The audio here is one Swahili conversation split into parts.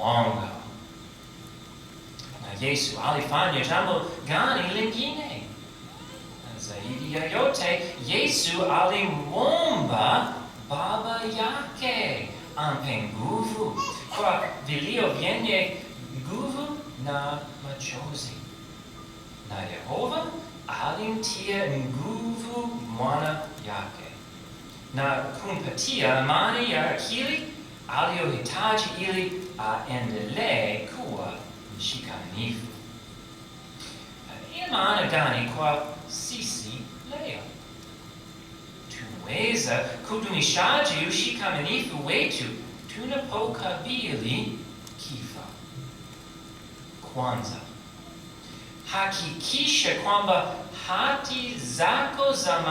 mwanga. Na Yesu alifanya jambo gani lingine? Zaidi ya yote, Yesu alimwomba Baba yake ampe nguvu, kwa vilio vyenye nguvu na machozi. Na Yehova alimtia nguvu mwana yake na kumpatia amani ya akili aliyohitaji ili aendelee uh, kuwa mshikanifu. Ina maana gani kwa sisi leo? Tunaweza kudumishaji ushikamanifu wetu tunapokabili kifo. Kwanza, hakikisha kwamba hati zako za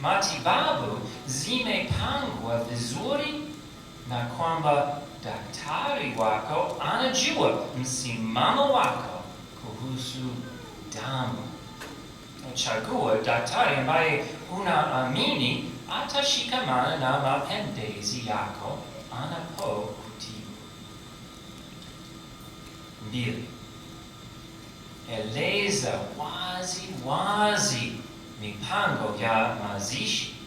matibabu zimepangwa vizuri na kwamba daktari wako anajua msimamo wako kuhusu damu. Chagua daktari ambaye unaamini atashikamana na mapendezi yako anapokutibu. Mbili, eleza wazi wazi mipango ya mazishi.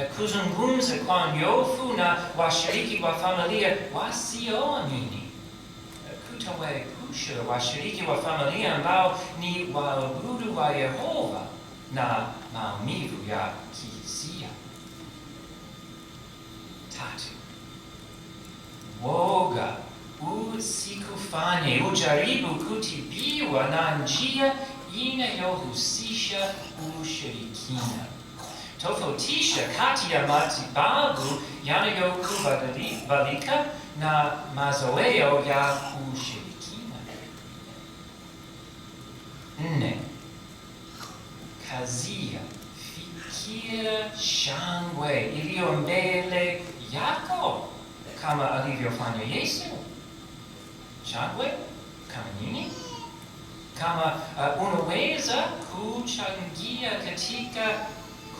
Eh, kuzungumza kwa nyofu na washiriki wa familia wasioni eh, kutawaepusha washiriki wa familia ambao ni waabudu wa Yehova na maumivu ya kihisia. Tatu, woga usikufanye ujaribu kutibiwa na njia inayohusisha ushirikina tofautisha kati ya matibabu yanayokubalika na mazoeo ya ushirikina. Nne, kazia fikia shangwe iliyo mbele yako kama alivyofanya Yesu. Shangwe kama nini? Kama uh, unaweza kuchangia katika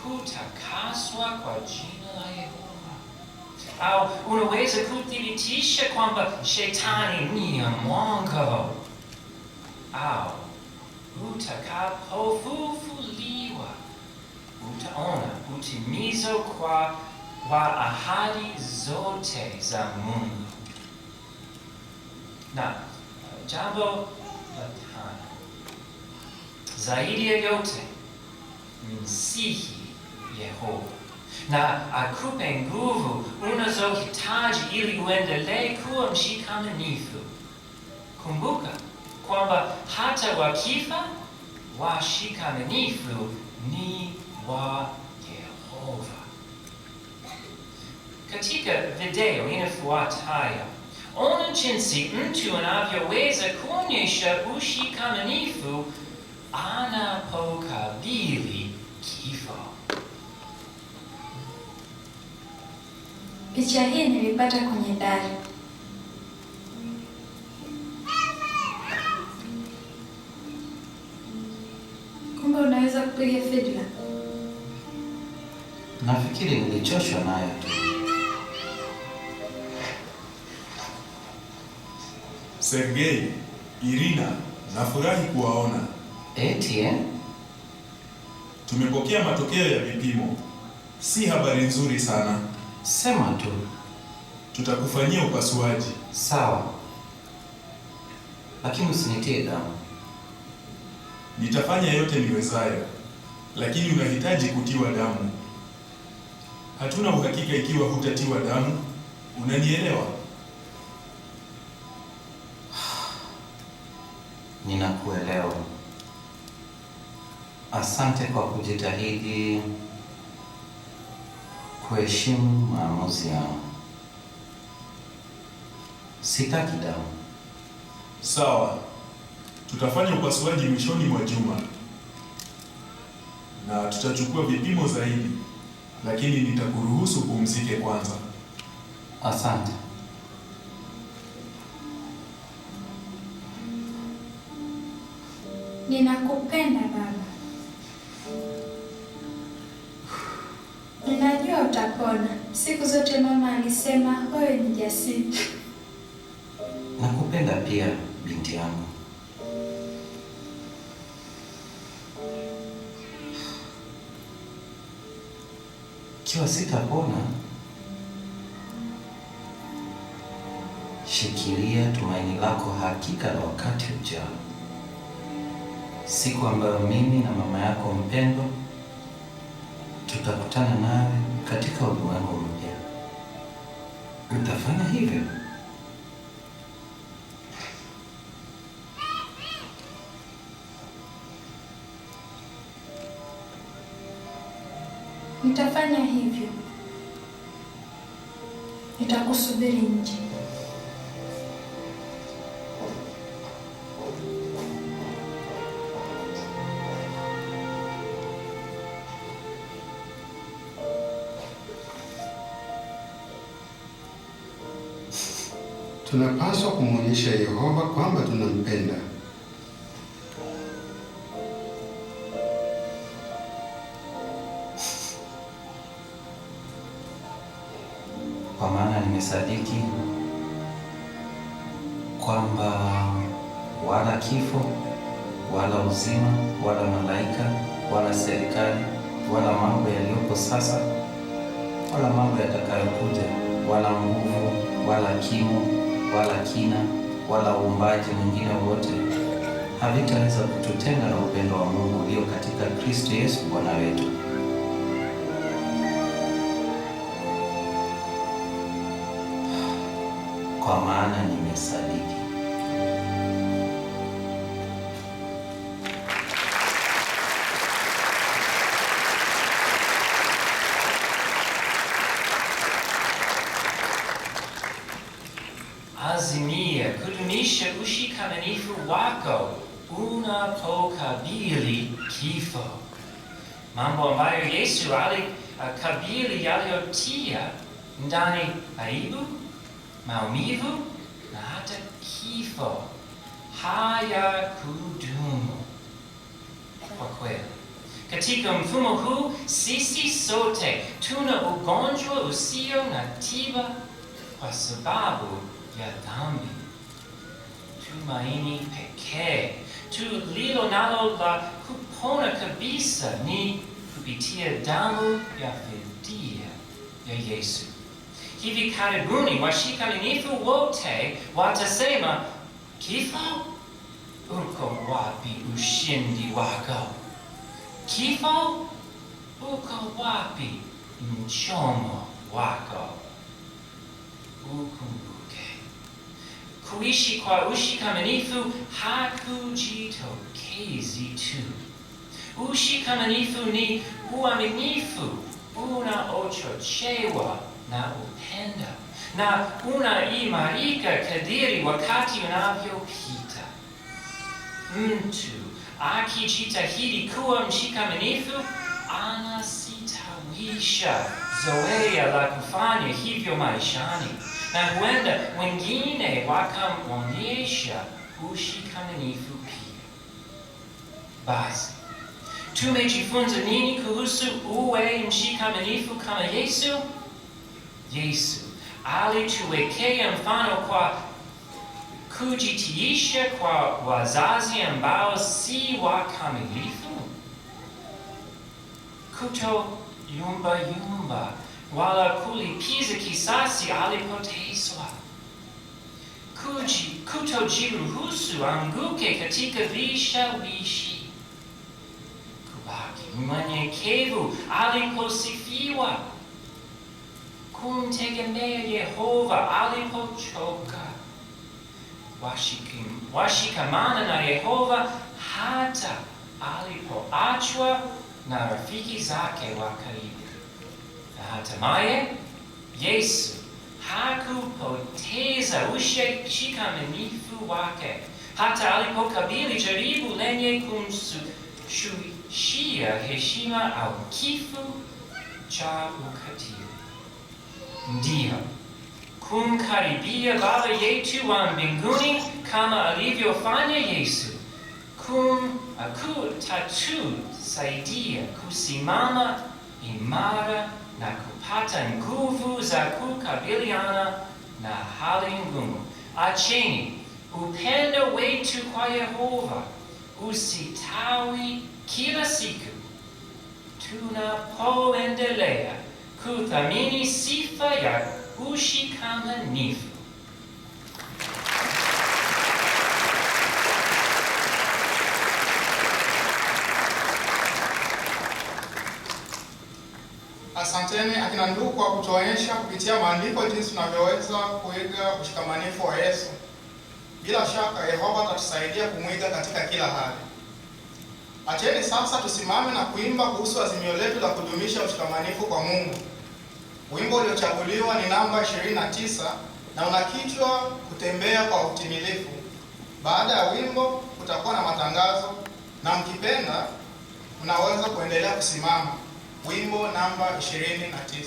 kutakaswa kwa jina la Yehova, au unaweza kuthibitisha kwamba shetani ni ya mwongo, au utakapofufuliwa utaona utimizo kwa wa ahadi zote za Mungu. Na uh, jambo la tano, zaidi ya yote, msihi Yehova na akupe nguvu unazohitaji ili uendelee kuwa mshikamanifu. Kumbuka kwamba hata wakifa washikamanifu ni wa Yehova. Katika video inafuatayo ona jinsi mtu anavyoweza kuonyesha ushikamanifu anapokabili kifo. Picha hii nilipata kwenye dari. Kumbe unaweza kupiga fiddle. Nafikiri nilichoshwa nayo tu. Sergei, Irina, nafurahi kuwaona. Eti eh? Tumepokea matokeo ya vipimo. Si habari nzuri sana. Sema tu, tutakufanyia upasuaji. Sawa, lakini usinitie damu. Nitafanya yote niwezayo, lakini unahitaji kutiwa damu. Hatuna uhakika ikiwa hutatiwa damu, unanielewa? Ninakuelewa. Asante kwa kujitahidi kuheshimu maamuzi yao. Sitaki damu. Sawa, tutafanya upasuaji mwishoni mwa juma na tutachukua vipimo zaidi, lakini nitakuruhusu pumzike kwanza. Asante. Ninakupenda baba. Siku zote mama alisema wewe ni jasiri. Nakupenda pia binti yangu. Kiwa sitapona, shikilia tumaini lako, hakika na wakati ujao, siku ambayo mimi na mama yako mpendwa tutakutana nawe katika ulimwengu mtafanya hivyo. Nitafanya hivyo. Nitakusubiri nje. tunapaswa kumwonyesha Yehova kwamba tunampenda. Kwa maana nimesadiki kwamba wala kifo wala uzima wala malaika wala serikali wala mambo yaliyopo sasa wala mambo yatakayokuja wala nguvu wala kimo wala kina wala uumbaji mwingine wote havitaweza kututenga na upendo wa Mungu ulio katika Kristo Yesu Bwana wetu. Kwa maana nimesadiki kabili yaliyotia ndani aibu, maumivu na hata kifo kudumu. Kwa kweli, katika mfumo huu sisi sote tuna ugonjwa usio na tiba kwa sababu ya dhambi. Tumaini pekee tulilo nalo la kupona kabisa ni kupitia damu ya fidia ya Yesu. Hivi karibuni washikilinifu wote watasema kifo, uko wapi ushindi wako? Kifo, uko wapi mchomo wako? Ukumbuke kuishi kwa ushikamanifu hakujitokezi tu Ushikamanifu ni uaminifu, unaochochewa na upendo na unaimarika kadiri wakati unavyopita. Mtu akijitahidi kuwa mshikamanifu anasitawisha zoea la kufanya hivyo maishani, na huenda wengine wakamwonyesha ushikamanifu pia. Basi tumejifunza nini kuhusu uwe nchi kamilifu kama Yesu? Yesu alituwekea mfano kwa kujitiisha qua wazazi ambao si wakamilifu, kuto yumba yumba wala kulipiza kisasi alipoteswa, kutojiruhusu anguke katika vishawishi mnyenyekevu aliposifiwa kumtegemea Yehova alipochoka, washikamana na Yehova hata alipoachwa na rafiki zake wa karibu. Na hatimaye Yesu hakupoteza ushikamanifu wake hata alipokabili jaribu lenye kumshukiza Shia heshima au kifo cha ukatili. Ndiyo, kumkaribia Baba yetu wa mbinguni kama alivyofanya Yesu, kum akutatu saidia kusimama imara na kupata nguvu za kukabiliana na hali ngumu. Acheni upendo wetu kwa Yehova usitawi kila siku tunapoendelea kuthamini sifa ya ushikamanifu, Asanteni akina ndugu kwa kutuonyesha kupitia maandiko jinsi tunavyoweza kuiga ushikamanifu wa Yesu. Bila shaka Yehova atatusaidia kumwiga katika kila hali. Acheni sasa tusimame na kuimba kuhusu azimio letu la kudumisha ushikamanifu kwa Mungu. Wimbo uliochaguliwa ni namba 29 na una kichwa kutembea kwa utimilifu. Baada ya wimbo kutakuwa na matangazo, na mkipenda mnaweza kuendelea kusimama. Wimbo namba 29.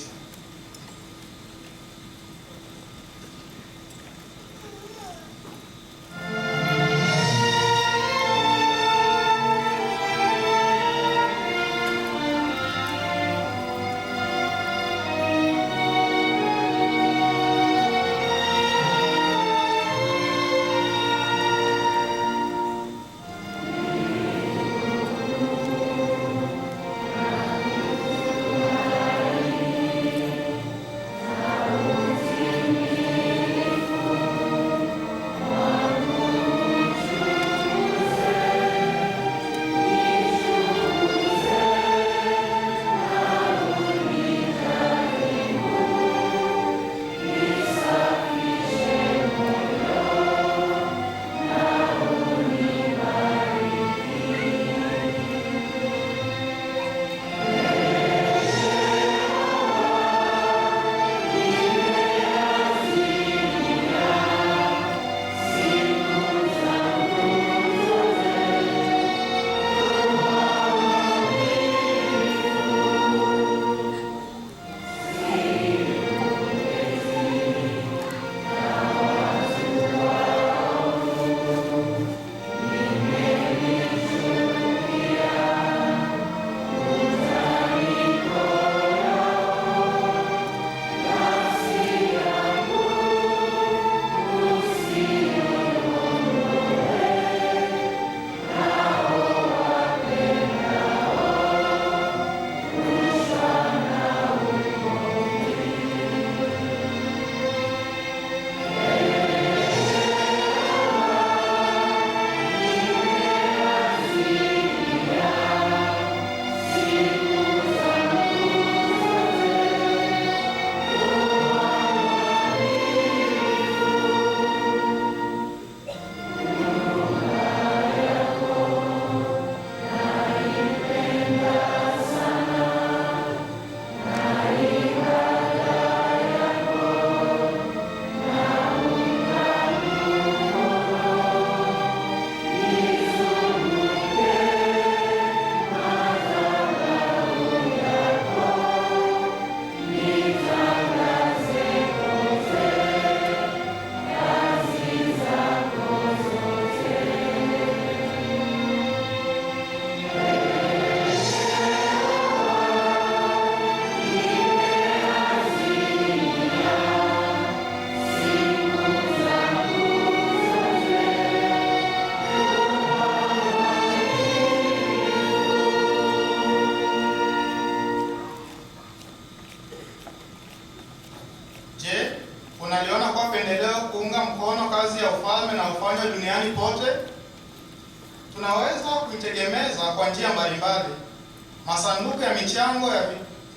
milango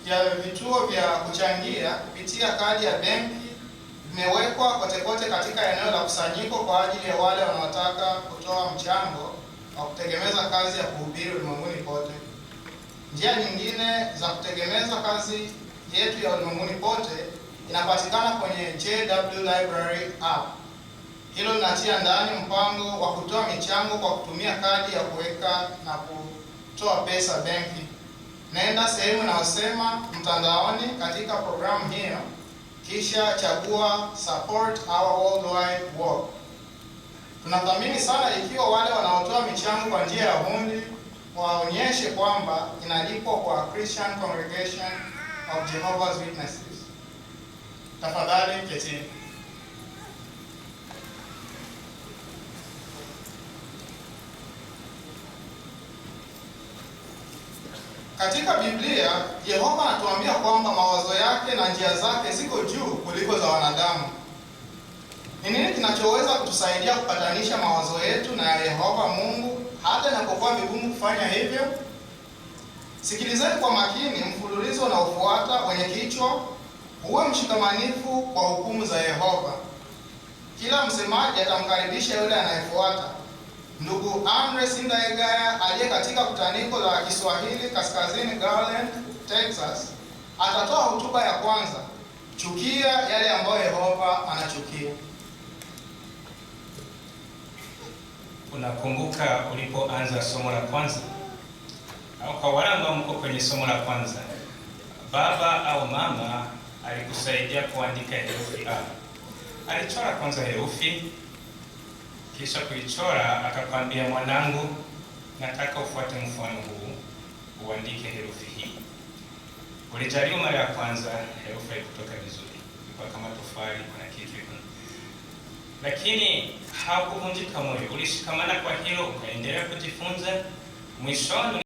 ya vituo vya kuchangia kupitia kadi ya benki vimewekwa kote kote katika eneo la kusanyiko kwa ajili ya wale wanaotaka kutoa mchango wa kutegemeza kazi ya kuhubiri ulimwenguni kote. Njia nyingine za kutegemeza kazi yetu ya ulimwenguni pote inapatikana kwenye JW Library app. Hilo linatia ndani mpango wa kutoa michango kwa kutumia kadi ya kuweka na kutoa pesa benki. Nenda sehemu inayosema mtandaoni katika programu hiyo, kisha chagua support our worldwide work. Tunathamini sana ikiwa wale wanaotoa michango kwa njia ya hundi waonyeshe kwamba inalipwa kwa Christian Congregation of Jehovah's Witnesses. Tafadhali ketini. Katika Biblia Yehova anatuambia kwamba mawazo yake na njia zake ziko juu kuliko za wanadamu. Ni nini kinachoweza kutusaidia kupatanisha mawazo yetu na ya Yehova Mungu hata inapokuwa vigumu kufanya hivyo? Sikilizeni kwa makini mfululizo unaofuata kwenye kichwa huwe mshikamanifu kwa hukumu za Yehova. Kila msemaji atamkaribisha yule anayefuata. Ndugu Andre Sindayegaya aliye katika kutaniko la Kiswahili Kaskazini Garland, Texas, atatoa hotuba ya kwanza, chukia yale ambayo Yehova anachukia. Unakumbuka ulipoanza somo la kwanza au kwa wale ambao mko kwenye somo la kwanza, baba au mama alikusaidia kuandika herufi A. Alichora kwanza herufi kisha kuichora, akakwambia, mwanangu, nataka ufuate mfano huu, uandike herufi hii. Ulijaribu mara ya kwanza, herufi haikutoka vizuri, ilikuwa kama tofali, kuna kitu hivyo, lakini hakuvunjika moyo, ulishikamana kwa hilo, ukaendelea kujifunza, mwishoni